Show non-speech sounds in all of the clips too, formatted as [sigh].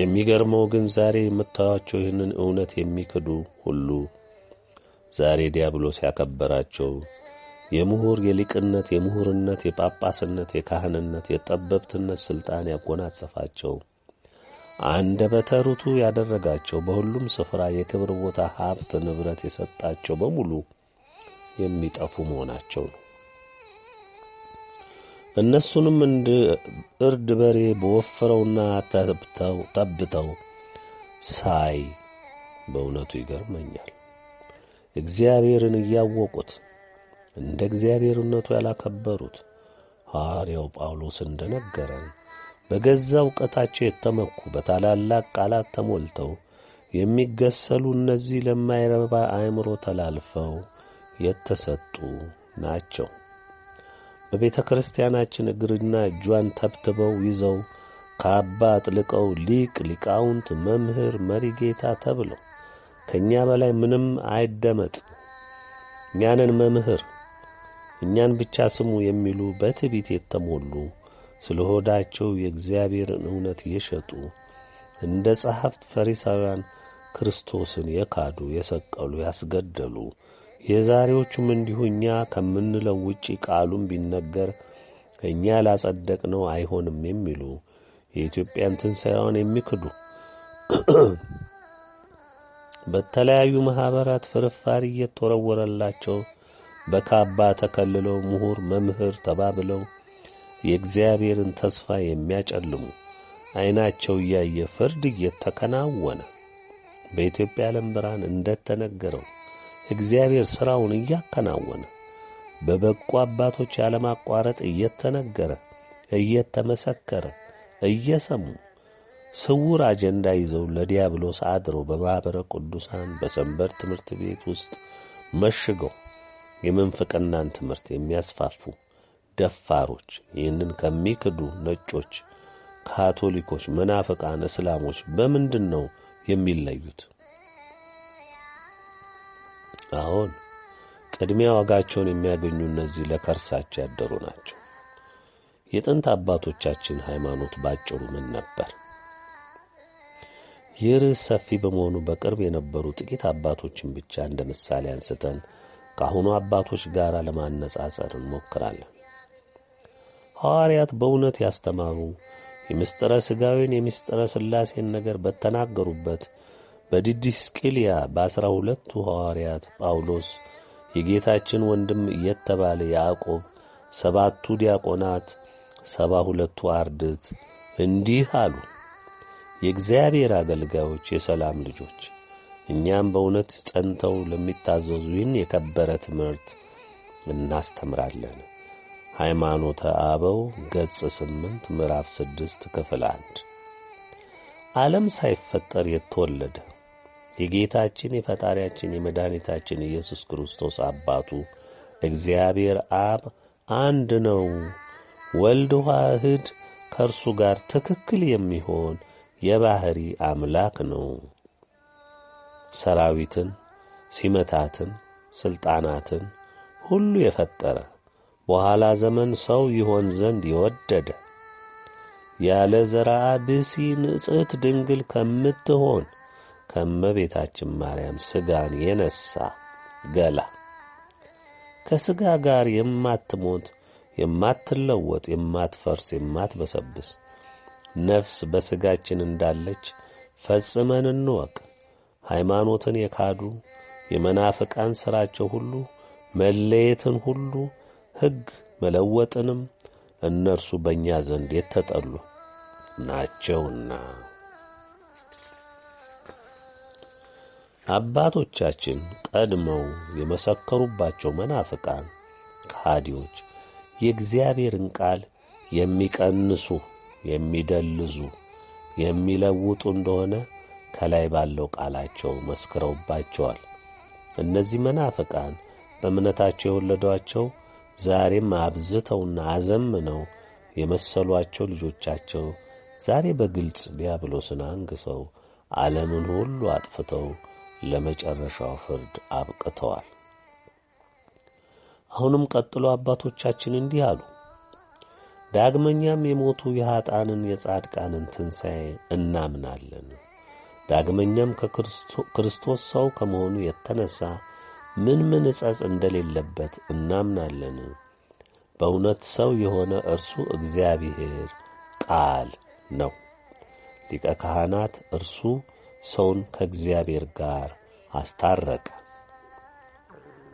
የሚገርመው ግን ዛሬ የምታዩቸው ይህንን እውነት የሚክዱ ሁሉ ዛሬ ዲያብሎስ ያከበራቸው የምሁር የሊቅነት፣ የምሁርነት፣ የጳጳስነት፣ የካህንነት፣ የጠበብትነት ሥልጣን ያጎናጸፋቸው አንደ በተሩቱ ያደረጋቸው በሁሉም ስፍራ የክብር ቦታ ሀብት ንብረት የሰጣቸው በሙሉ የሚጠፉ መሆናቸው ነው። እነሱንም እንደ እርድ በሬ በወፈረውና ተብተው ጠብተው ሳይ በእውነቱ ይገርመኛል። እግዚአብሔርን እያወቁት እንደ እግዚአብሔርነቱ ያላከበሩት ሐዋርያው ጳውሎስ እንደነገረን በገዛ እውቀታቸው የተመኩ በታላላቅ ቃላት ተሞልተው የሚገሰሉ እነዚህ ለማይረባ አእምሮ ተላልፈው የተሰጡ ናቸው። በቤተ ክርስቲያናችን እግርና እጇን ተብትበው ይዘው ከአባ አጥልቀው ሊቅ ሊቃውንት፣ መምህር፣ መሪጌታ ተብለው ከእኛ በላይ ምንም አይደመጥ፣ እኛንን መምህር እኛን ብቻ ስሙ የሚሉ በትዕቢት የተሞሉ ስለ ሆዳቸው የእግዚአብሔርን እውነት የሸጡ እንደ ጸሐፍት ፈሪሳውያን ክርስቶስን የካዱ የሰቀሉ፣ ያስገደሉ የዛሬዎቹም እንዲሁ እኛ ከምንለው ውጪ ቃሉን ቢነገር እኛ ነው አይሆንም የሚሉ የኢትዮጵያን ትንሣኤዋን የሚክዱ [clears throat] በተለያዩ ማኅበራት ፍርፋሪ እየተወረወረላቸው በካባ ተከልለው ምሁር መምህር ተባብለው የእግዚአብሔርን ተስፋ የሚያጨልሙ ዐይናቸው እያየ ፍርድ እየተከናወነ በኢትዮጵያ ዓለም ብርሃን እንደተነገረው እግዚአብሔር ሥራውን እያከናወነ በበቁ አባቶች ያለማቋረጥ እየተነገረ እየተመሰከረ እየሰሙ ስውር አጀንዳ ይዘው ለዲያብሎስ አድረው በማኅበረ ቅዱሳን በሰንበት ትምህርት ቤት ውስጥ መሽገው የምንፍቅናን ትምህርት የሚያስፋፉ ደፋሮች ይህንን ከሚክዱ ነጮች፣ ካቶሊኮች፣ መናፍቃን፣ እስላሞች በምንድን ነው የሚለዩት? አሁን ቅድሚያ ዋጋቸውን የሚያገኙ እነዚህ ለከርሳቸው ያደሩ ናቸው። የጥንት አባቶቻችን ሃይማኖት ባጭሩ ምን ነበር? ይህ ርዕስ ሰፊ በመሆኑ በቅርብ የነበሩ ጥቂት አባቶችን ብቻ እንደ ምሳሌ አንስተን ከአሁኑ አባቶች ጋር ለማነጻጸር እንሞክራለን። ሐዋርያት በእውነት ያስተማሩ የምስጢረ ሥጋዊን የምስጢረ ሥላሴን ነገር በተናገሩበት በዲዲስቅልያ በአሥራ ሁለቱ ሐዋርያት ጳውሎስ፣ የጌታችን ወንድም የተባለ ያዕቆብ፣ ሰባቱ ዲያቆናት፣ ሰባ ሁለቱ አርድት እንዲህ አሉ። የእግዚአብሔር አገልጋዮች፣ የሰላም ልጆች፣ እኛም በእውነት ጸንተው ለሚታዘዙ ይህን የከበረ ትምህርት እናስተምራለን። ሃይማኖተ አበው ገጽ ስምንት ምዕራፍ ስድስት ክፍል አንድ ዓለም ሳይፈጠር የተወለደ የጌታችን የፈጣሪያችን የመድኃኒታችን ኢየሱስ ክርስቶስ አባቱ እግዚአብሔር አብ አንድ ነው። ወልድ ዋህድ ከእርሱ ጋር ትክክል የሚሆን የባሕሪ አምላክ ነው። ሰራዊትን፣ ሲመታትን፣ ሥልጣናትን ሁሉ የፈጠረ በኋላ ዘመን ሰው ይሆን ዘንድ የወደደ ያለ ዘርአ ብእሲ ንጽሕት ድንግል ከምትሆን ከእመቤታችን ማርያም ሥጋን የነሣ ገላ ከሥጋ ጋር የማትሞት የማትለወጥ የማትፈርስ የማትበሰብስ ነፍስ በሥጋችን እንዳለች ፈጽመን እንወቅ። ሃይማኖትን የካዱ የመናፍቃን ሥራቸው ሁሉ መለየትን ሁሉ ሕግ መለወጥንም እነርሱ በእኛ ዘንድ የተጠሉ ናቸውና አባቶቻችን ቀድመው የመሰከሩባቸው መናፍቃን ከሃዲዎች የእግዚአብሔርን ቃል የሚቀንሱ፣ የሚደልዙ፣ የሚለውጡ እንደሆነ ከላይ ባለው ቃላቸው መስክረውባቸዋል። እነዚህ መናፍቃን በእምነታቸው የወለዷቸው ዛሬም አብዝተውና አዘምነው የመሰሏቸው ልጆቻቸው ዛሬ በግልጽ ዲያብሎስን አንግሰው ዓለምን ሁሉ አጥፍተው ለመጨረሻው ፍርድ አብቅተዋል። አሁንም ቀጥሎ አባቶቻችን እንዲህ አሉ። ዳግመኛም የሞቱ የኀጣንን የጻድቃንን ትንሣኤ እናምናለን። ዳግመኛም ከክርስቶስ ሰው ከመሆኑ የተነሣ ምን ምን ዕጸጽ እንደሌለበት እናምናለን። በእውነት ሰው የሆነ እርሱ እግዚአብሔር ቃል ነው። ሊቀ ካህናት እርሱ ሰውን ከእግዚአብሔር ጋር አስታረቀ።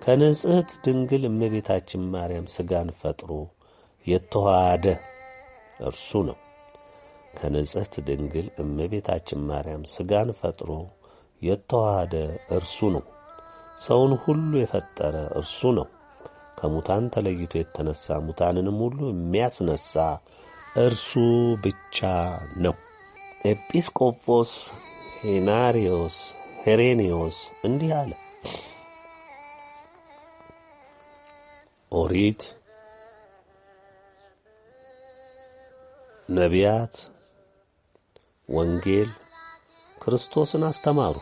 ከንጽሕት ድንግል እመቤታችን ማርያም ሥጋን ፈጥሮ የተዋሃደ እርሱ ነው። ከንጽሕት ድንግል እመቤታችን ማርያም ሥጋን ፈጥሮ የተዋሃደ እርሱ ነው። ሰውን ሁሉ የፈጠረ እርሱ ነው። ከሙታን ተለይቶ የተነሣ ሙታንንም ሁሉ የሚያስነሣ እርሱ ብቻ ነው። ኤጲስቆጶስ ሄናሪዮስ ሄሬኒዮስ እንዲህ አለ። ኦሪት፣ ነቢያት፣ ወንጌል ክርስቶስን አስተማሩ።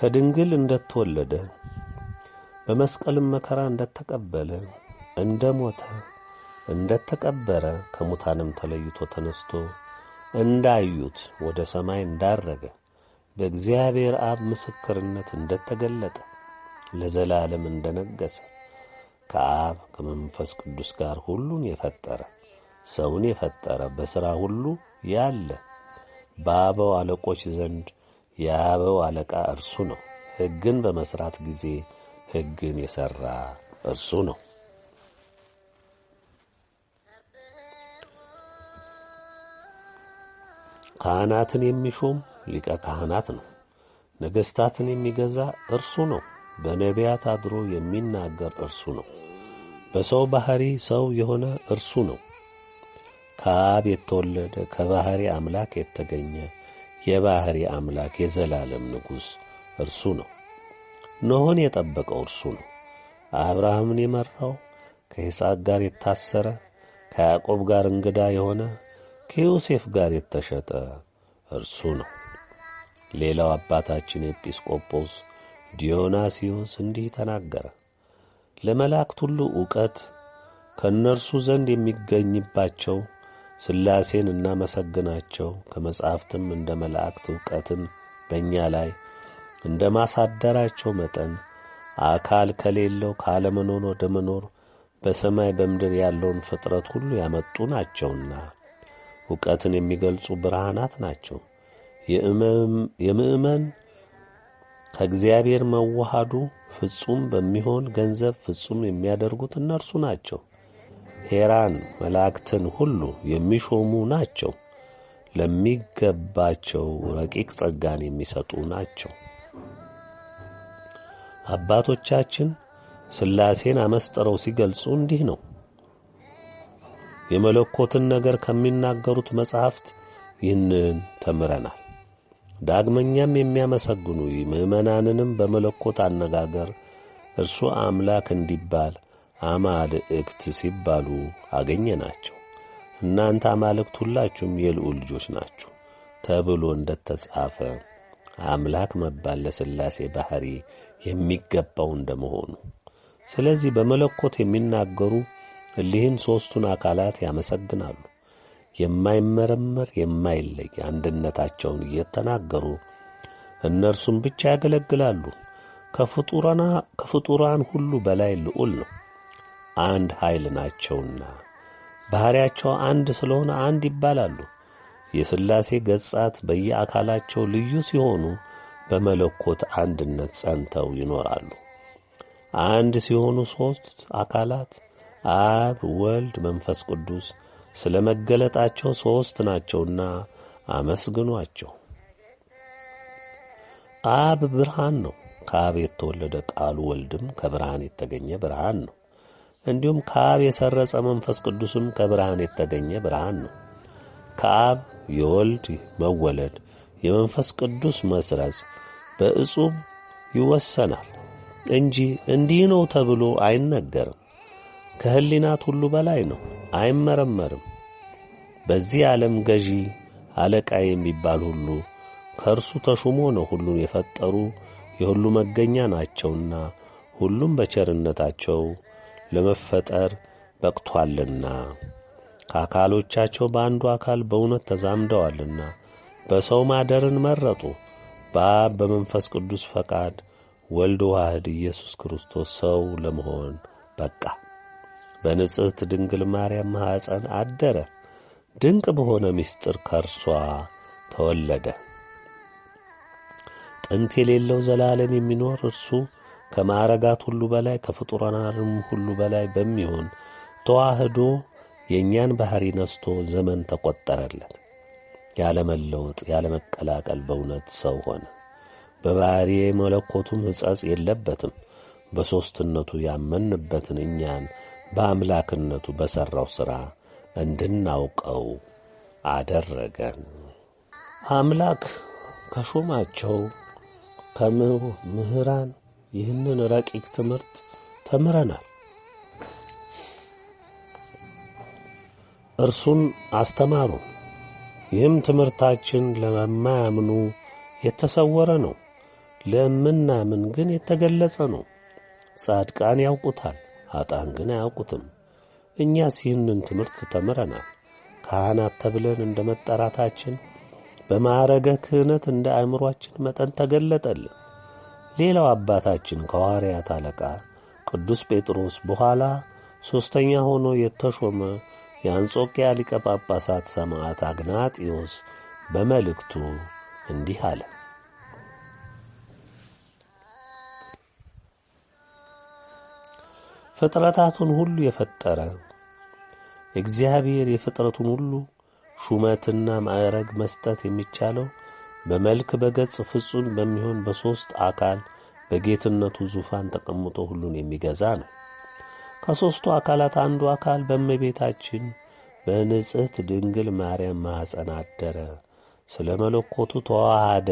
ከድንግል እንደተወለደ በመስቀልም መከራ እንደተቀበለ እንደሞተ እንደተቀበረ ከሙታንም ተለይቶ ተነስቶ እንዳዩት ወደ ሰማይ እንዳረገ በእግዚአብሔር አብ ምስክርነት እንደተገለጠ ለዘላለም እንደነገሰ ከአብ ከመንፈስ ቅዱስ ጋር ሁሉን የፈጠረ ሰውን የፈጠረ በሥራ ሁሉ ያለ በአበው አለቆች ዘንድ የአበው አለቃ እርሱ ነው። ሕግን በመሥራት ጊዜ ሕግን የሠራ እርሱ ነው። ካህናትን የሚሾም ሊቀ ካህናት ነው። ነገሥታትን የሚገዛ እርሱ ነው። በነቢያት አድሮ የሚናገር እርሱ ነው። በሰው ባሕሪ ሰው የሆነ እርሱ ነው። ከአብ የተወለደ ከባሕሪ አምላክ የተገኘ የባሕሪ አምላክ የዘላለም ንጉሥ እርሱ ነው። ኖኅን የጠበቀው እርሱ ነው። አብርሃምን የመራው ከይስሐቅ ጋር የታሰረ ከያዕቆብ ጋር እንግዳ የሆነ ከዮሴፍ ጋር የተሸጠ እርሱ ነው። ሌላው አባታችን ኤጲስቆጶስ ዲዮናስዮስ እንዲህ ተናገረ። ለመላእክት ሁሉ ዕውቀት ከእነርሱ ዘንድ የሚገኝባቸው ሥላሴን እናመሰግናቸው ከመጻሕፍትም እንደ መላእክት ዕውቀትን በእኛ ላይ እንደ ማሳደራቸው መጠን አካል ከሌለው ካለመኖር ወደ መኖር በሰማይ በምድር ያለውን ፍጥረት ሁሉ ያመጡ ናቸውና እውቀትን የሚገልጹ ብርሃናት ናቸው። የምእመን ከእግዚአብሔር መዋሃዱ ፍጹም በሚሆን ገንዘብ ፍጹም የሚያደርጉት እነርሱ ናቸው። ሄራን መላእክትን ሁሉ የሚሾሙ ናቸው። ለሚገባቸው ረቂቅ ጸጋን የሚሰጡ ናቸው። አባቶቻችን ሥላሴን አመስጥረው ሲገልጹ እንዲህ ነው። የመለኮትን ነገር ከሚናገሩት መጻሕፍት ይህንን ተምረናል። ዳግመኛም የሚያመሰግኑ ምዕመናንንም በመለኮት አነጋገር እርሱ አምላክ እንዲባል አማልእክት ሲባሉ አገኘ ናቸው። እናንተ አማልክት ሁላችሁም የልዑ ልጆች ናችሁ ተብሎ እንደ ተጻፈ አምላክ መባል ለሥላሴ ባሕሪ የሚገባው እንደመሆኑ፣ ስለዚህ በመለኮት የሚናገሩ እሊህን ሦስቱን አካላት ያመሰግናሉ። የማይመረመር የማይለይ አንድነታቸውን እየተናገሩ እነርሱም ብቻ ያገለግላሉ። ከፍጡራን ሁሉ በላይ ልዑል ነው። አንድ ኃይል ናቸውና ባሕርያቸው አንድ ስለሆነ አንድ ይባላሉ። የሥላሴ ገጻት በየአካላቸው ልዩ ሲሆኑ በመለኮት አንድነት ጸንተው ይኖራሉ። አንድ ሲሆኑ ሦስት አካላት አብ ወልድ መንፈስ ቅዱስ ስለ መገለጣቸው ሦስት ናቸውና አመስግኗቸው። አብ ብርሃን ነው። ከአብ የተወለደ ቃሉ ወልድም ከብርሃን የተገኘ ብርሃን ነው። እንዲሁም ከአብ የሰረጸ መንፈስ ቅዱስም ከብርሃን የተገኘ ብርሃን ነው። ከአብ የወልድ መወለድ የመንፈስ ቅዱስ መስረጽ በእጹብ ይወሰናል እንጂ እንዲህ ነው ተብሎ አይነገርም። ከህሊናት ሁሉ በላይ ነው፣ አይመረመርም። በዚህ ዓለም ገዢ አለቃ የሚባል ሁሉ ከእርሱ ተሹሞ ነው። ሁሉን የፈጠሩ የሁሉ መገኛ ናቸውና ሁሉም በቸርነታቸው ለመፈጠር በቅቶአልና ከአካሎቻቸው በአንዱ አካል በእውነት ተዛምደዋልና በሰው ማደርን መረጡ። በአብ በመንፈስ ቅዱስ ፈቃድ ወልድ ዋህድ ኢየሱስ ክርስቶስ ሰው ለመሆን በቃ። በንጽሕት ድንግል ማርያም ማኅፀን አደረ። ድንቅ በሆነ ምስጢር ከእርሷ ተወለደ። ጥንት የሌለው ዘላለም የሚኖር እርሱ ከማዕረጋት ሁሉ በላይ ከፍጡራንም ሁሉ በላይ በሚሆን ተዋህዶ የእኛን ባሕሪ ነስቶ ዘመን ተቈጠረለት። ያለመለወጥ ያለመቀላቀል በእውነት ሰው ሆነ። በባሕሪ መለኮቱም ሕጸጽ የለበትም። በሦስትነቱ ያመንበትን እኛን በአምላክነቱ በሠራው ሥራ እንድናውቀው አደረገን። አምላክ ከሾማቸው ከምህራን ይህንን ረቂቅ ትምህርት ተምረናል። እርሱን አስተማሩ። ይህም ትምህርታችን ለማያምኑ የተሰወረ ነው፣ ለምናምን ግን የተገለጸ ነው። ጻድቃን ያውቁታል ኀጣን ግን አያውቁትም። እኛስ ይህንን ትምህርት ተምረናል። ካህናት ተብለን እንደ መጠራታችን በማዕረገ ክህነት እንደ አእምሮአችን መጠን ተገለጠልን። ሌላው አባታችን ከሐዋርያት አለቃ ቅዱስ ጴጥሮስ በኋላ ሦስተኛ ሆኖ የተሾመ የአንጾኪያ ሊቀ ጳጳሳት ሰማዕት አግናጢዮስ በመልእክቱ እንዲህ አለ። ፍጥረታቱን ሁሉ የፈጠረ እግዚአብሔር የፍጥረቱን ሁሉ ሹመትና ማዕረግ መስጠት የሚቻለው በመልክ በገጽ ፍጹም በሚሆን በሦስት አካል በጌትነቱ ዙፋን ተቀምጦ ሁሉን የሚገዛ ነው። ከሦስቱ አካላት አንዱ አካል በእመቤታችን በንጽሕት ድንግል ማርያም ማኅፀን አደረ፣ ስለ መለኮቱ ተዋሃደ።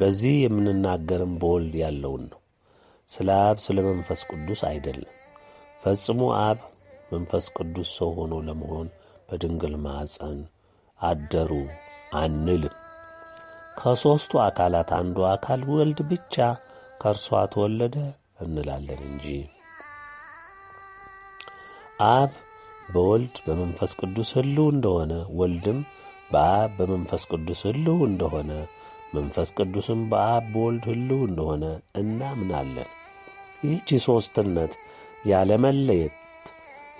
በዚህ የምንናገርም በወልድ ያለውን ነው። ስለ አብ ስለ መንፈስ ቅዱስ አይደለም። ፈጽሞ አብ መንፈስ ቅዱስ ሰው ሆኖ ለመሆን በድንግል ማዕፀን አደሩ አንልም። ከሦስቱ አካላት አንዱ አካል ወልድ ብቻ ከእርሷ ተወለደ እንላለን እንጂ አብ በወልድ በመንፈስ ቅዱስ ሕልው እንደሆነ ወልድም በአብ በመንፈስ ቅዱስ ሕልው እንደሆነ መንፈስ ቅዱስም በአብ በወልድ ሕልው እንደሆነ እናምናለን። ይህቺ ሦስትነት ያለመለየት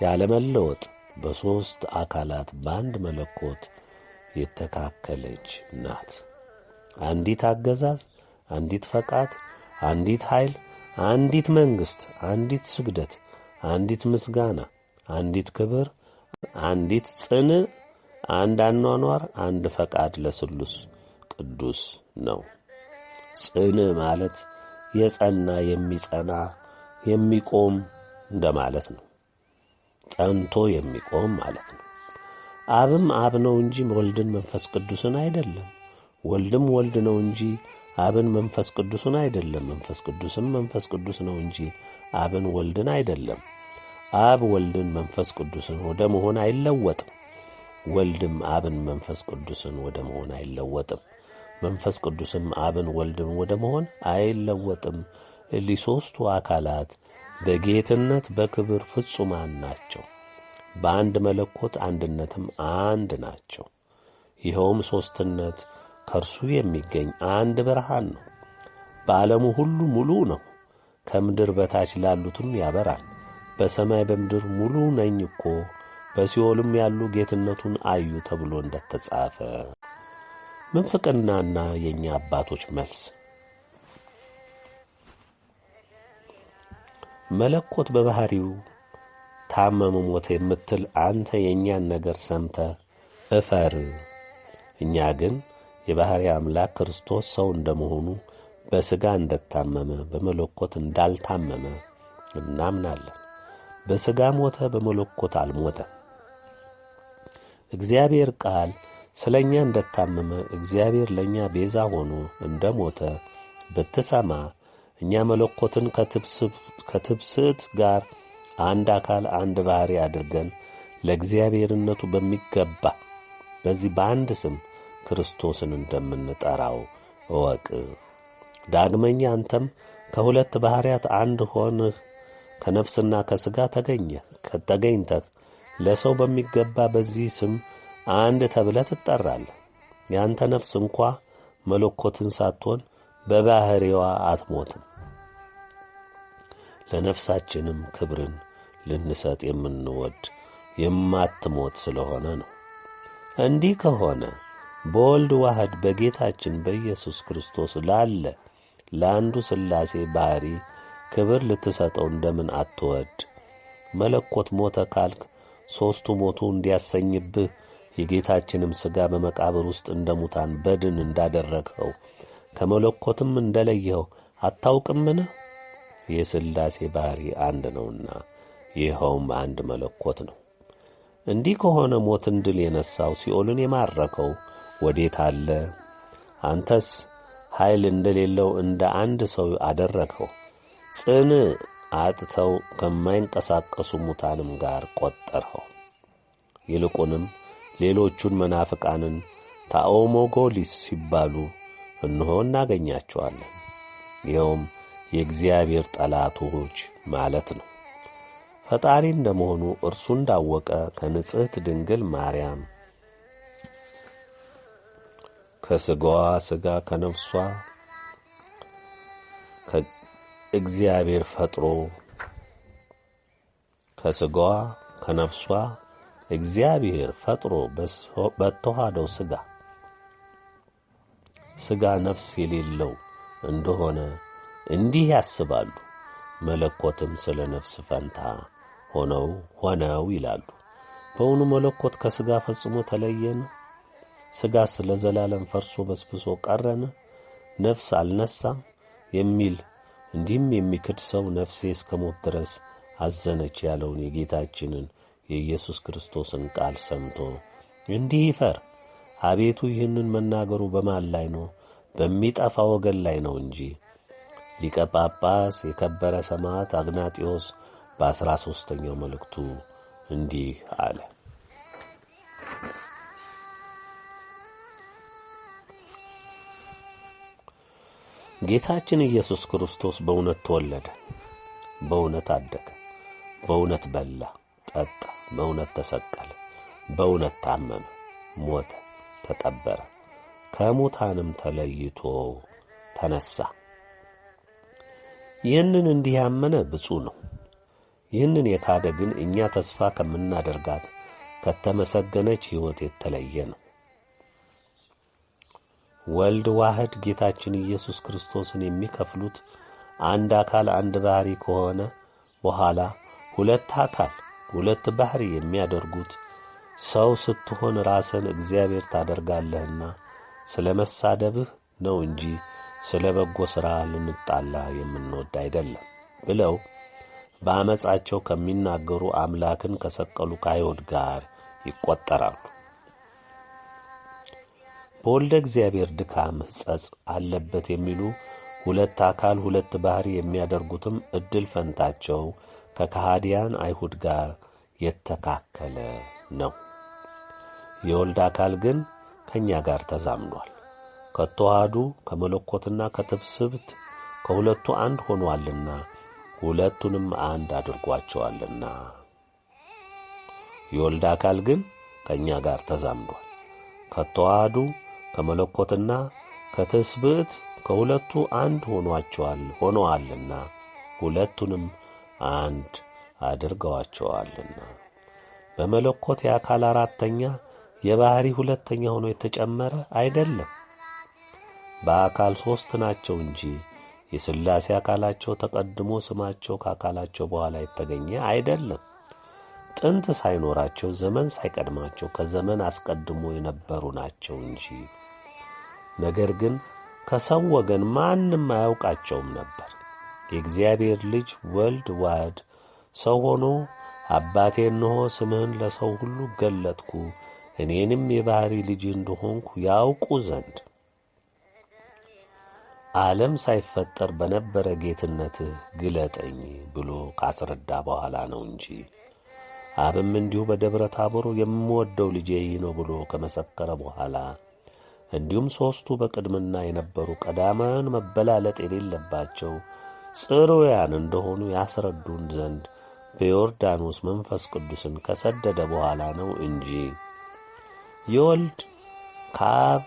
ያለመለወጥ በሦስት አካላት በአንድ መለኮት የተካከለች ናት። አንዲት አገዛዝ፣ አንዲት ፈቃድ፣ አንዲት ኃይል፣ አንዲት መንግሥት፣ አንዲት ስግደት፣ አንዲት ምስጋና፣ አንዲት ክብር፣ አንዲት ጽን፣ አንድ አኗኗር፣ አንድ ፈቃድ ለስሉስ ቅዱስ ነው። ጽን ማለት የጸና የሚጸና የሚቆም እንደማለት ነው። ጸንቶ የሚቆም ማለት ነው። አብም አብ ነው እንጂ ወልድን መንፈስ ቅዱስን አይደለም። ወልድም ወልድ ነው እንጂ አብን መንፈስ ቅዱስን አይደለም። መንፈስ ቅዱስም መንፈስ ቅዱስ ነው እንጂ አብን ወልድን አይደለም። አብ ወልድን መንፈስ ቅዱስን ወደ መሆን አይለወጥም። ወልድም አብን መንፈስ ቅዱስን ወደ መሆን አይለወጥም። መንፈስ ቅዱስም አብን ወልድም ወደ መሆን አይለወጥም። ሊሦስቱ አካላት በጌትነት በክብር ፍጹማን ናቸው። በአንድ መለኮት አንድነትም አንድ ናቸው። ይኸውም ሦስትነት ከእርሱ የሚገኝ አንድ ብርሃን ነው። በዓለሙ ሁሉ ሙሉ ነው። ከምድር በታች ላሉትም ያበራል። በሰማይ በምድር ሙሉ ነኝ እኮ በሲኦልም ያሉ ጌትነቱን አዩ ተብሎ እንደተጻፈ ምንፍቅናና የእኛ አባቶች መልስ መለኮት በባህሪው ታመመ ሞተ የምትል አንተ የእኛን ነገር ሰምተ እፈር። እኛ ግን የባህሪ አምላክ ክርስቶስ ሰው እንደመሆኑ በሥጋ እንደታመመ በመለኮት እንዳልታመመ እናምናለን። በሥጋ ሞተ፣ በመለኮት አልሞተ። እግዚአብሔር ቃል ስለ እኛ እንደታመመ እግዚአብሔር ለእኛ ቤዛ ሆኖ እንደ ሞተ ብትሰማ እኛ መለኮትን ከትብስት ጋር አንድ አካል አንድ ባሕሪ አድርገን ለእግዚአብሔርነቱ በሚገባ በዚህ በአንድ ስም ክርስቶስን እንደምንጠራው እወቅ። ዳግመኛ አንተም ከሁለት ባሕርያት አንድ ሆንህ ከነፍስና ከሥጋ ተገኘ ከተገኝተህ ለሰው በሚገባ በዚህ ስም አንድ ተብለ ትጠራለህ። ያንተ ነፍስ እንኳ መለኮትን ሳትሆን በባሕሪዋ አትሞትም። ለነፍሳችንም ክብርን ልንሰጥ የምንወድ የማትሞት ስለሆነ ነው። እንዲህ ከሆነ በወልድ ዋህድ በጌታችን በኢየሱስ ክርስቶስ ላለ ለአንዱ ሥላሴ ባሕሪ ክብር ልትሰጠው እንደምን አትወድ? መለኮት ሞተ ካልክ ሦስቱ ሞቱ እንዲያሰኝብህ የጌታችንም ሥጋ በመቃብር ውስጥ እንደ ሙታን በድን እንዳደረግኸው ከመለኮትም እንደለየኸው አታውቅምን? የሥላሴ ባሕሪ አንድ ነውና ይኸውም አንድ መለኮት ነው። እንዲህ ከሆነ ሞትን ድል የነሣው ሲኦልን የማረከው ወዴት አለ? አንተስ ኃይል እንደሌለው እንደ አንድ ሰው አደረግኸው። ጽን አጥተው ከማይንቀሳቀሱ ሙታንም ጋር ቈጠርኸው። ይልቁንም ሌሎቹን መናፍቃንን ታኦሞጎሊስ ሲባሉ እንሆ እናገኛቸዋለን። ይኸውም የእግዚአብሔር ጠላቶች ማለት ነው። ፈጣሪ እንደመሆኑ እርሱ እንዳወቀ ከንጽሕት ድንግል ማርያም ከሥጋዋ ሥጋ ከነፍሷ እግዚአብሔር ፈጥሮ ከሥጋዋ ከነፍሷ እግዚአብሔር ፈጥሮ በተዋሃደው ሥጋ ሥጋ ነፍስ የሌለው እንደሆነ እንዲህ ያስባሉ። መለኮትም ስለ ነፍስ ፈንታ ሆነው ሆነው ይላሉ። በእውኑ መለኮት ከሥጋ ፈጽሞ ተለየን? ስጋ ስለ ዘላለም ፈርሶ በስብሶ ቀረን? ነፍስ አልነሳም የሚል እንዲህም የሚክድ ሰው ነፍሴ እስከ ሞት ድረስ አዘነች ያለውን የጌታችንን የኢየሱስ ክርስቶስን ቃል ሰምቶ እንዲህ ይፈር። አቤቱ ይህንን መናገሩ በማን ላይ ነው? በሚጠፋ ወገን ላይ ነው እንጂ። ሊቀ ጳጳስ የከበረ ሰማዕት አግናጢዎስ በአሥራ ሦስተኛው መልእክቱ እንዲህ አለ። ጌታችን ኢየሱስ ክርስቶስ በእውነት ተወለደ፣ በእውነት አደገ፣ በእውነት በላ ጠጣ በእውነት ተሰቀለ፣ በእውነት ታመመ፣ ሞተ፣ ተቀበረ፣ ከሙታንም ተለይቶ ተነሳ። ይህንን እንዲህ ያመነ ብፁዕ ነው። ይህንን የካደ ግን እኛ ተስፋ ከምናደርጋት ከተመሰገነች ሕይወት የተለየ ነው። ወልድ ዋህድ ጌታችን ኢየሱስ ክርስቶስን የሚከፍሉት አንድ አካል አንድ ባሕሪ ከሆነ በኋላ ሁለት አካል ሁለት ባሕሪ የሚያደርጉት ሰው ስትሆን ራስን እግዚአብሔር ታደርጋለህና ስለ መሳደብህ ነው እንጂ ስለ በጎ ሥራ ልንጣላ የምንወድ አይደለም ብለው በአመፃቸው ከሚናገሩ አምላክን ከሰቀሉ ከአይሁድ ጋር ይቈጠራሉ። በወልደ እግዚአብሔር ድካም ሕጸጽ አለበት የሚሉ ሁለት አካል ሁለት ባሕሪ የሚያደርጉትም ዕድል ፈንታቸው ከካሃዲያን አይሁድ ጋር የተካከለ ነው። የወልድ አካል ግን ከእኛ ጋር ተዛምኗል። ከተዋህዱ ከመለኮትና ከትብስብት ከሁለቱ አንድ ሆኖአልና ሁለቱንም አንድ አድርጓቸዋልና። የወልድ አካል ግን ከእኛ ጋር ተዛምዷል። ከተዋህዱ ከመለኮትና ከትስብእት ከሁለቱ አንድ ሆኖአቸዋል ሆኖአልና ሁለቱንም አንድ አድርገዋቸዋልና በመለኮት የአካል አራተኛ የባህሪ ሁለተኛ ሆኖ የተጨመረ አይደለም። በአካል ሦስት ናቸው እንጂ የሥላሴ አካላቸው ተቀድሞ ስማቸው ከአካላቸው በኋላ የተገኘ አይደለም። ጥንት ሳይኖራቸው ዘመን ሳይቀድማቸው ከዘመን አስቀድሞ የነበሩ ናቸው እንጂ ነገር ግን ከሰው ወገን ማንም አያውቃቸውም ነበር። የእግዚአብሔር ልጅ ወልድ ዋድ ሰው ሆኖ አባቴ እንሆ ስምህን ለሰው ሁሉ ገለጥኩ እኔንም የባሕሪ ልጅ እንደሆንኩ ያውቁ ዘንድ ዓለም ሳይፈጠር በነበረ ጌትነትህ ግለጠኝ ብሎ ካስረዳ በኋላ ነው እንጂ አብም እንዲሁ በደብረ ታቦር የምወደው ልጄ ይህ ነው ብሎ ከመሰከረ በኋላ እንዲሁም ሦስቱ በቅድምና የነበሩ ቀዳማውያን መበላለጥ የሌለባቸው ጽሩያን እንደሆኑ ያስረዱን ዘንድ በዮርዳኖስ መንፈስ ቅዱስን ከሰደደ በኋላ ነው እንጂ የወልድ ከአብ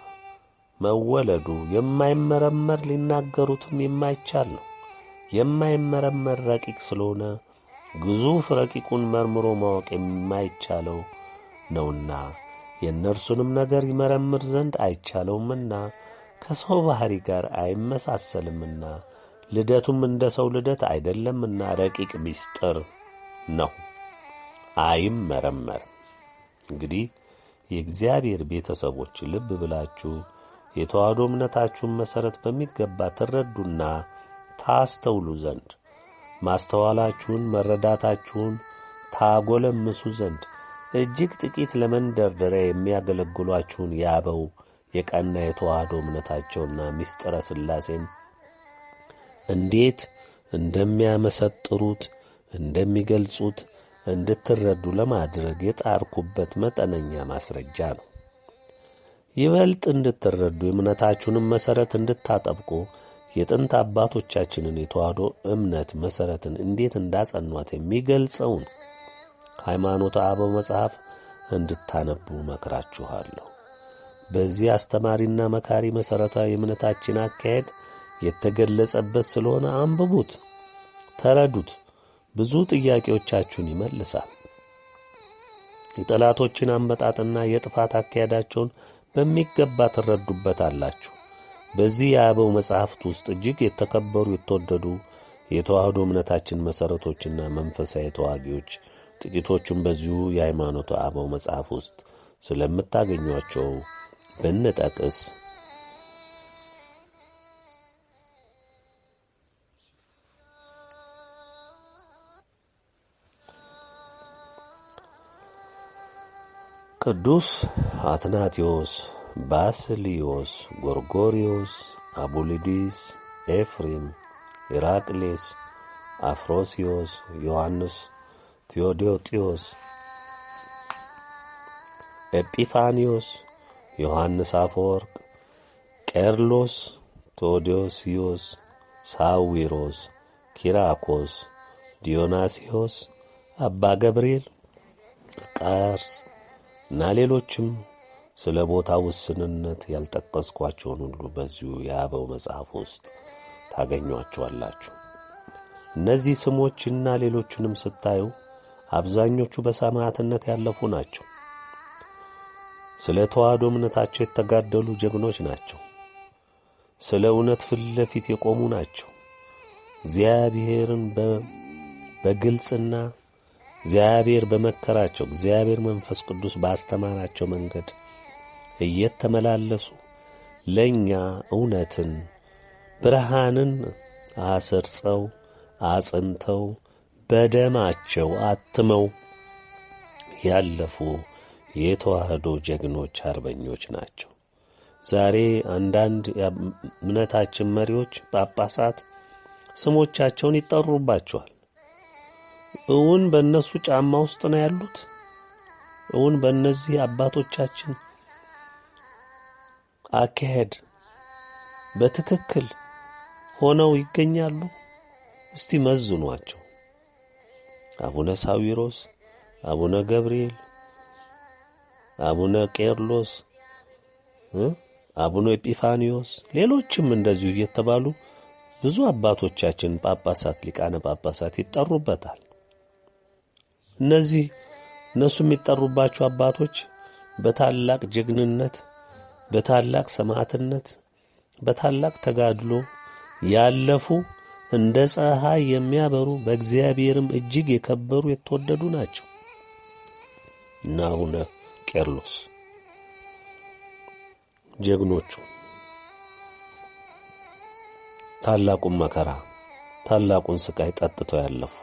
መወለዱ የማይመረመር ሊናገሩትም የማይቻል ነው። የማይመረመር ረቂቅ ስለሆነ ግዙፍ ረቂቁን መርምሮ ማወቅ የማይቻለው ነውና የእነርሱንም ነገር ይመረምር ዘንድ አይቻለውምና ከሰው ባሕሪ ጋር አይመሳሰልምና ልደቱም እንደ ሰው ልደት አይደለምና ረቂቅ ሚስጥር ነው፣ አይመረመርም። እንግዲህ የእግዚአብሔር ቤተሰቦች ልብ ብላችሁ የተዋህዶ እምነታችሁን መሠረት በሚገባ ትረዱና ታስተውሉ ዘንድ ማስተዋላችሁን መረዳታችሁን ታጎለምሱ ዘንድ እጅግ ጥቂት ለመንደርደሪያ የሚያገለግሏችሁን የአበው የቀና የተዋህዶ እምነታቸውና ምስጢረ ሥላሴን እንዴት እንደሚያመሰጥሩት እንደሚገልጹት እንድትረዱ ለማድረግ የጣርኩበት መጠነኛ ማስረጃ ነው። ይበልጥ እንድትረዱ የእምነታችሁንም መሠረት እንድታጠብቁ የጥንት አባቶቻችንን የተዋህዶ እምነት መሠረትን እንዴት እንዳጸኗት የሚገልጸውን ሃይማኖተ አበው መጽሐፍ እንድታነቡ መክራችኋለሁ። በዚህ አስተማሪና መካሪ መሠረታዊ እምነታችን አካሄድ የተገለጸበት ስለሆነ አንብቡት፣ ተረዱት። ብዙ ጥያቄዎቻችሁን ይመልሳል። የጠላቶችን አመጣጥና የጥፋት አካሄዳቸውን በሚገባ ትረዱበታላችሁ። በዚህ የአበው መጻሕፍት ውስጥ እጅግ የተከበሩ የተወደዱ የተዋህዶ እምነታችን መሠረቶችና መንፈሳዊ ተዋጊዎች ጥቂቶቹን በዚሁ የሃይማኖቱ አበው መጽሐፍ ውስጥ ስለምታገኟቸው ብንጠቅስ ቅዱስ አትናቴዎስ፣ ባስልዮስ፣ ጎርጎሪዮስ፣ አቡልዲስ፣ ኤፍሬም፣ ኤፍሪም ዮሐንስ፣ ቴዎዶጢዮስ፣ ኤጲፋንዮስ፣ ዮሐንስ አፈወርቅ፣ ቄርሎስ፣ ቴዎዶስዮስ፣ ቴዎዶሲዮስ ኪራኮስ፣ ዲዮናሲዮስ አባ ገብርኤል፣ ቃርስ እና ሌሎችም ስለ ቦታ ውስንነት ያልጠቀስኳቸውን ሁሉ በዚሁ የአበው መጽሐፍ ውስጥ ታገኟቸዋላችሁ። እነዚህ ስሞችና ሌሎቹንም ስታዩ አብዛኞቹ በሰማዕትነት ያለፉ ናቸው። ስለ ተዋሕዶ እምነታቸው የተጋደሉ ጀግኖች ናቸው። ስለ እውነት ፊት ለፊት የቆሙ ናቸው። እግዚአብሔርን በግልጽና እግዚአብሔር በመከራቸው እግዚአብሔር መንፈስ ቅዱስ ባስተማራቸው መንገድ እየተመላለሱ ለእኛ እውነትን ብርሃንን አሰርጸው አጽንተው በደማቸው አትመው ያለፉ የተዋህዶ ጀግኖች አርበኞች ናቸው። ዛሬ አንዳንድ የእምነታችን መሪዎች ጳጳሳት ስሞቻቸውን ይጠሩባቸዋል። እውን በእነሱ ጫማ ውስጥ ነው ያሉት? እውን በእነዚህ አባቶቻችን አካሄድ በትክክል ሆነው ይገኛሉ? እስቲ መዝኗቸው። አቡነ ሳዊሮስ፣ አቡነ ገብርኤል፣ አቡነ ቄርሎስ፣ አቡነ ኤጲፋኒዮስ ሌሎችም እንደዚሁ እየተባሉ ብዙ አባቶቻችን ጳጳሳት፣ ሊቃነ ጳጳሳት ይጠሩበታል። እነዚህ እነሱ የሚጠሩባቸው አባቶች በታላቅ ጀግንነት፣ በታላቅ ሰማዕትነት፣ በታላቅ ተጋድሎ ያለፉ እንደ ፀሐይ የሚያበሩ በእግዚአብሔርም እጅግ የከበሩ የተወደዱ ናቸው እና አቡነ ቄርሎስ ጀግኖቹ ታላቁን መከራ ታላቁን ስቃይ ጠጥተው ያለፉ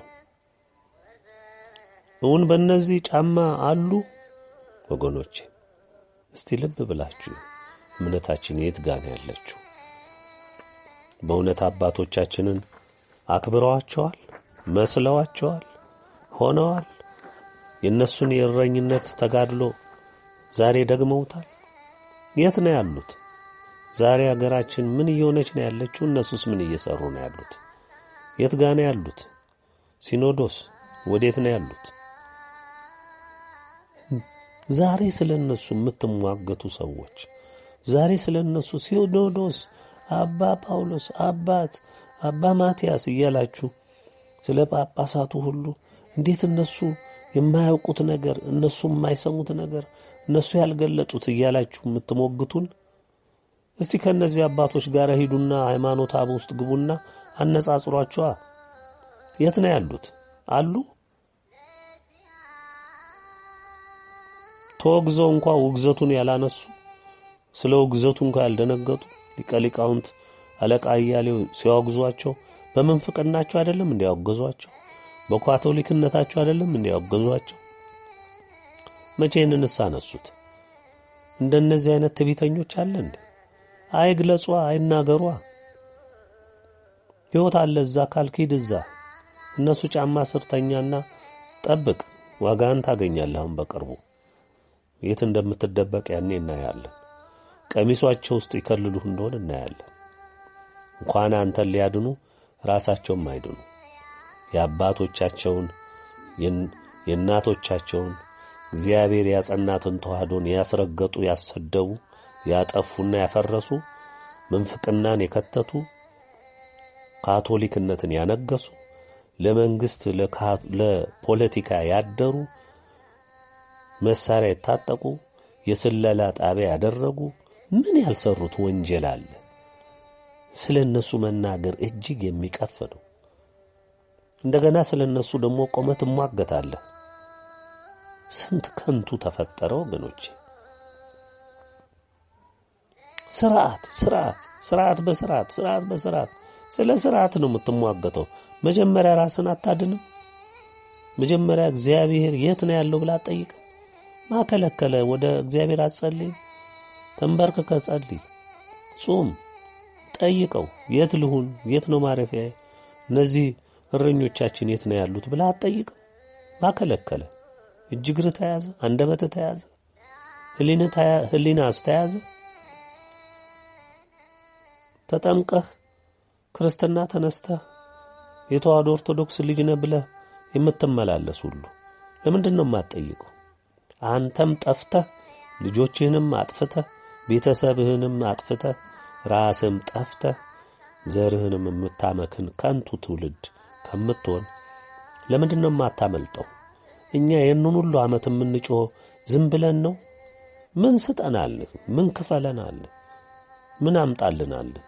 እውን በእነዚህ ጫማ አሉ? ወገኖቼ እስቲ ልብ ብላችሁ እምነታችን የት ጋን ያለችው? በእውነት አባቶቻችንን አክብረዋቸዋል? መስለዋቸዋል? ሆነዋል? የእነሱን የእረኝነት ተጋድሎ ዛሬ ደግመውታል? የት ነው ያሉት? ዛሬ አገራችን ምን እየሆነች ነው ያለችው? እነሱስ ምን እየሰሩ ነው ያሉት? የት ጋ ነው ያሉት? ሲኖዶስ ወዴት ነው ያሉት? ዛሬ ስለ እነሱ የምትሟገቱ ሰዎች ዛሬ ስለ እነሱ ሲኖዶስ፣ አባ ጳውሎስ፣ አባት አባ ማትያስ እያላችሁ ስለ ጳጳሳቱ ሁሉ እንዴት እነሱ የማያውቁት ነገር እነሱ የማይሰሙት ነገር እነሱ ያልገለጹት እያላችሁ የምትሞግቱን እስቲ ከእነዚህ አባቶች ጋር ሂዱና ሃይማኖት አብ ውስጥ ግቡና አነጻጽሯቸዋ። የት ነው ያሉት አሉ? ተወግዘው እንኳ ውግዘቱን ያላነሱ ስለ ውግዘቱ እንኳ ያልደነገጡ ሊቀሊቃውንት አለቃ አያሌው ሲያወግዟቸው በመንፍቅናቸው አይደለም እንዲያወገዟቸው በካቶሊክነታቸው አይደለም እንዲያወገዟቸው መቼ እንንሳ አነሱት። እንደነዚህ አይነት አለ አለን። አይግለጿ፣ አይናገሯ ሕይወት አለ እዛ ካልኪድ እዛ እነሱ ጫማ ስር ጠብቅ፣ ዋጋን ታገኛለህ አሁን በቅርቡ የት እንደምትደበቅ ያኔ እናያለን። ቀሚሷቸው ውስጥ ይከልሉህ እንደሆን እናያለን። እንኳን አንተን ሊያድኑ ራሳቸውም አይድኑ። የአባቶቻቸውን የእናቶቻቸውን እግዚአብሔር ያጸናትን ተዋህዶን ያስረገጡ፣ ያሰደቡ፣ ያጠፉና ያፈረሱ ምንፍቅናን የከተቱ ካቶሊክነትን ያነገሱ ለመንግሥት ለፖለቲካ ያደሩ መሳሪያ የታጠቁ የስለላ ጣቢያ ያደረጉ ምን ያልሰሩት ወንጀል አለ? ስለ እነሱ መናገር እጅግ የሚቀፍ ነው። እንደገና ስለ እነሱ ደግሞ ቆመት እሟገታለሁ። ስንት ከንቱ ተፈጠረ ወገኖቼ። ስርዓት ስርዓት ስርዓት በስርዓት ስርዓት በስርዓት ስለ ስርዓት ነው የምትሟገተው። መጀመሪያ ራስን አታድንም? መጀመሪያ እግዚአብሔር የት ነው ያለው ብላ አትጠይቅም? ማከለከለ ወደ እግዚአብሔር አትጸልይ? ተንበርክከ ጸልይ፣ ጹም፣ ጠይቀው። የት ልሁን? የት ነው ማረፊያ? እነዚህ እረኞቻችን የት ነው ያሉት ብለህ አትጠይቅም? ማከለከለ እጅግር ተያዘ፣ አንደበት ተያዘ፣ ህሊናስ ተያዘ። ተጠምቀህ ክርስትና ተነስተህ የተዋህዶ ኦርቶዶክስ ልጅ ነህ ብለህ የምትመላለስ ሁሉ ለምንድን ነው የማትጠይቀው? አንተም ጠፍተህ ልጆችህንም አጥፍተህ ቤተሰብህንም አጥፍተህ ራስህም ጠፍተህ ዘርህንም የምታመክን ከንቱ ትውልድ ከምትሆን ለምንድን ነው የማታመልጠው? እኛ ይህንን ሁሉ ዓመት የምንጮ ዝም ብለን ነው? ምን ስጠናልህ? ምን ክፈለናልህ? ምን አምጣልናልህ?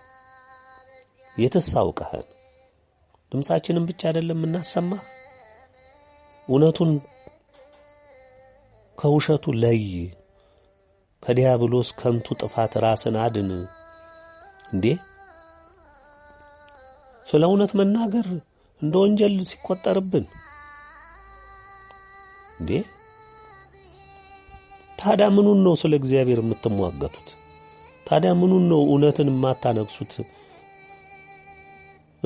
የትስ አውቀኸን? ብቻ አይደለም እናሰማህ እውነቱን ከውሸቱ ለይ፣ ከዲያብሎስ ከንቱ ጥፋት ራስን አድን። እንዴ ስለ እውነት መናገር እንደ ወንጀል ሲቆጠርብን እንዴ ታዲያ ምኑን ነው ስለ እግዚአብሔር የምትሟገቱት? ታዲያ ምኑን ነው እውነትን የማታነግሱት?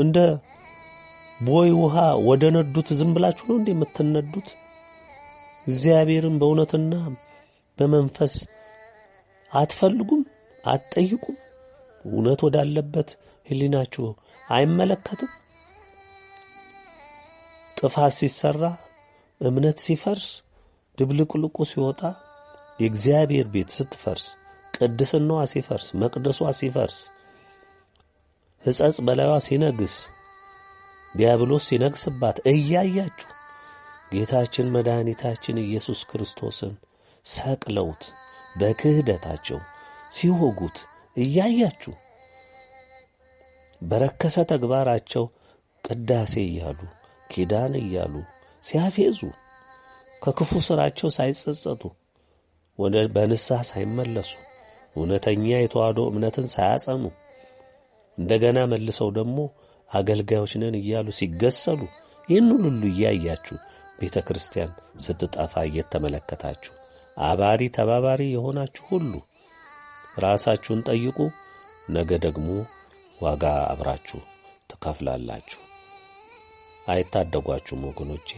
እንደ ቦይ ውሃ ወደ ነዱት ዝም ብላችሁ ነው እንዴ የምትነዱት? እግዚአብሔርን በእውነትና በመንፈስ አትፈልጉም? አትጠይቁም? እውነት ወዳለበት ህሊናችሁ አይመለከትም? ጥፋት ሲሰራ፣ እምነት ሲፈርስ፣ ድብልቅልቁ ሲወጣ፣ የእግዚአብሔር ቤት ስትፈርስ፣ ቅድስናዋ ሲፈርስ፣ መቅደሷ ሲፈርስ፣ ሕጸጽ በላዩ ሲነግስ፣ ዲያብሎስ ሲነግስባት እያያችሁ ጌታችን መድኃኒታችን ኢየሱስ ክርስቶስን ሰቅለውት በክህደታቸው ሲወጉት እያያችሁ በረከሰ ተግባራቸው ቅዳሴ እያሉ ኪዳን እያሉ ሲያፌዙ ከክፉ ሥራቸው ሳይጸጸቱ ወደ በንስሐ ሳይመለሱ እውነተኛ የተዋህዶ እምነትን ሳያጸኑ እንደገና መልሰው ደግሞ አገልጋዮች ነን እያሉ ሲገሰሉ ይህን ሁሉ እያያችሁ ቤተ ክርስቲያን ስትጠፋ እየተመለከታችሁ አባሪ ተባባሪ የሆናችሁ ሁሉ ራሳችሁን ጠይቁ። ነገ ደግሞ ዋጋ አብራችሁ ትከፍላላችሁ። አይታደጓችሁም ወገኖቼ።